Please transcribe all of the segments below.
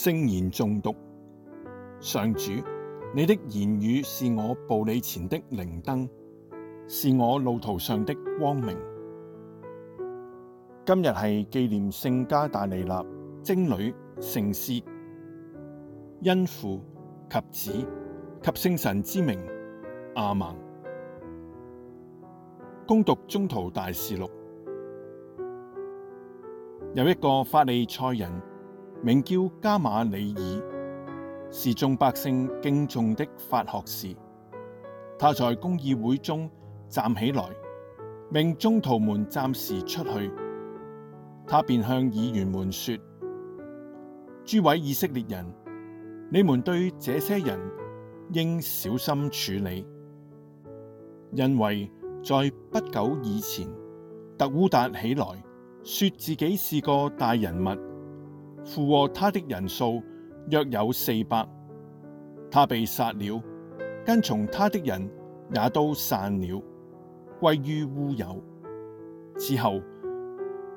聖言誦讀，上主，你的言語是我步你前的靈燈，是我路途上的光明。今日係紀念聖加大利納、貞女、聖師。因父及子及聖神之名。阿孟。恭讀宗徒大事錄，有一個法利塞人。名叫加瑪里耳，是眾百姓敬重的法學士。他在公議會中站起來，命宗徒們暫時出去。他便向議員們說：諸位以色列人，你們對這些人應小心處理，因為在不久以前，特烏達起來，說自己是個大人物。附和他的人數約有四百，他被殺了，跟從他的人也都散了，歸於烏有。此後，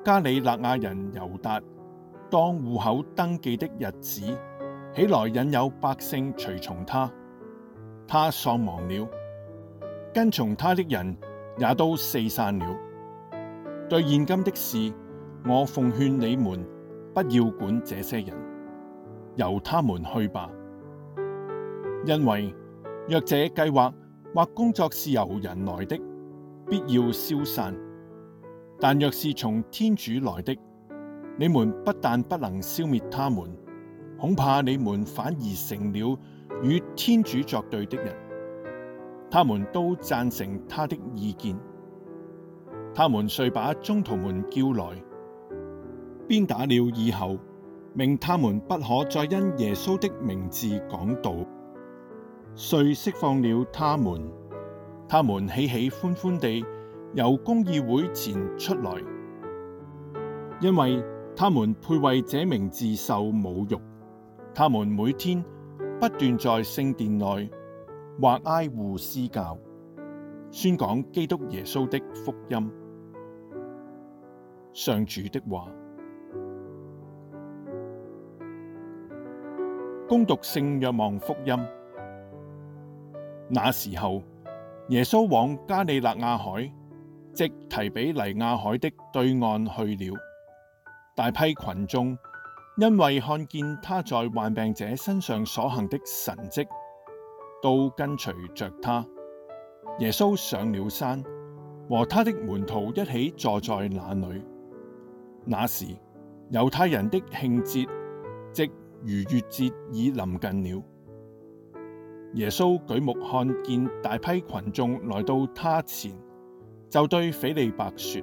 加里肋亞人猶達當戶口登記的日子起來，引誘百姓隨從他，他喪亡了，跟從他的人也都四散了。對現今的事，我奉勸你們。不要管這些人，由他們去吧。因為若這計劃或工作是由人來的，必要消散；但若是從天主來的，你們不但不能消滅他們，恐怕你們反而成了與天主作對的人。他們都贊成他的意見，他們遂把宗徒們叫來。鞭打了以後，命他們不可再因耶穌的名字講道，遂釋放了他們。他們喜喜歡歡地由公議會前出來，因為他們配為這名字受侮辱。他們每天不斷在聖殿內或挨戶施教，宣講基督耶穌的福音。上主的話。恭讀《聖若望福音》。那時候，耶穌往加里肋亞海即提庇黎雅海的對岸去了。大批群眾，因為看見他在患病者身上所行的神迹，都跟隨着他。耶穌上了山，和他的門徒一起坐在那裏。那時，猶太人的慶節即逾越節已臨近了，耶穌舉目看見大批群眾來到他前，就對斐理伯說：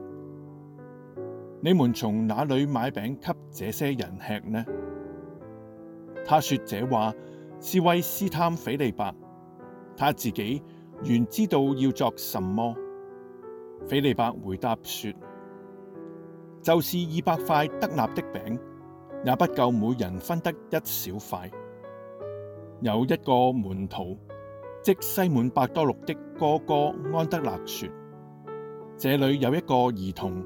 你們從哪裏買餅給這些人吃呢？他說這話是為試探斐理伯，他自己原知道要作什麼。斐理伯回答說：就是二百塊德納的餅。也不夠每人分得一小塊。有一個門徒，即西滿伯多祿的哥哥安德肋說：這裏有一個兒童，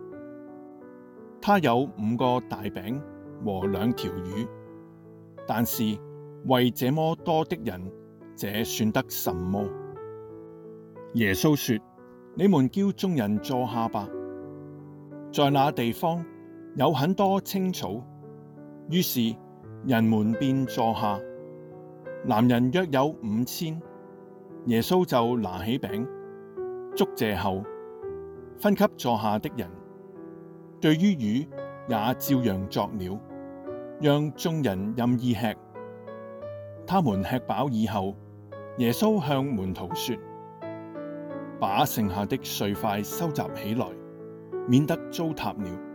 他有五個大餅和兩條魚。但是為這麼多的人，這算得什麼？耶穌說：你們叫眾人坐下吧，在那地方有很多青草。於是人們便坐下，男人約有五千，耶穌就拿起餅，祝謝後分給坐下的人，對於魚也照樣作了，讓眾人任意吃。他們吃飽以後，耶穌向門徒說：把剩下的碎塊收集起來，免得糟蹋了。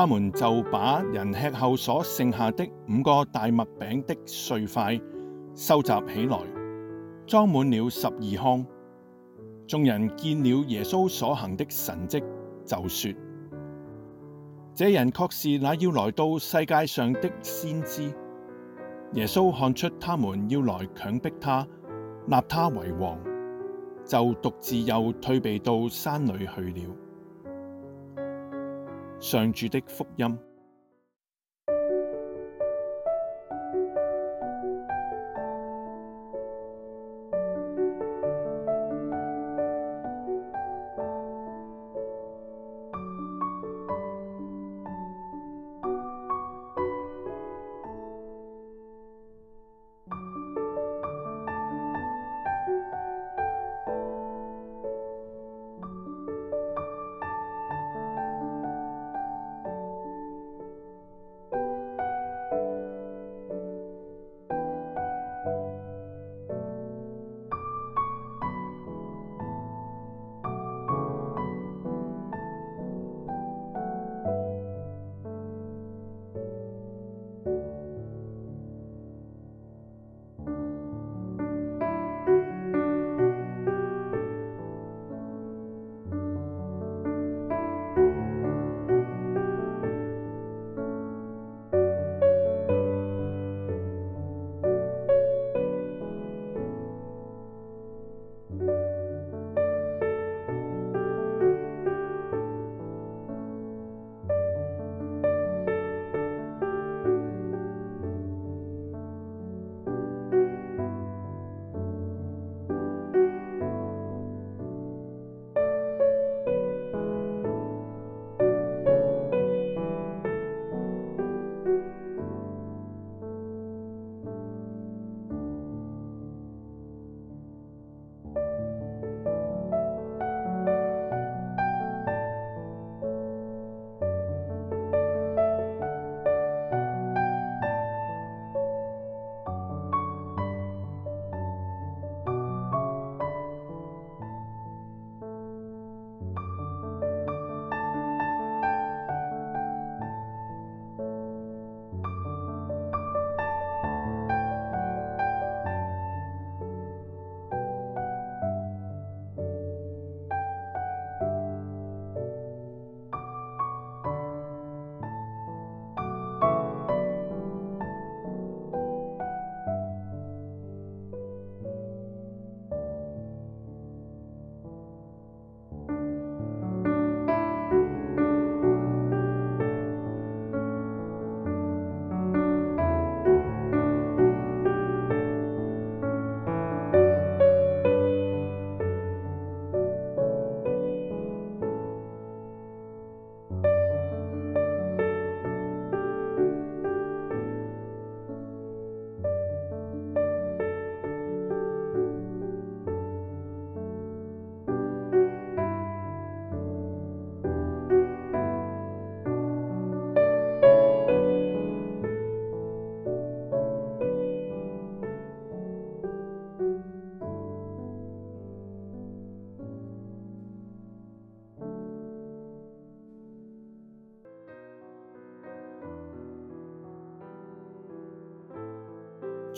他們就把人吃後所剩下的五個大麥餅的碎塊收集起來，裝滿了十二筐。眾人見了耶穌所行的神迹，就說：這人確是那要來到世界上的先知。耶穌看出他們要來強迫他，立他為王，就獨自又退避到山裏去了。上主的福音。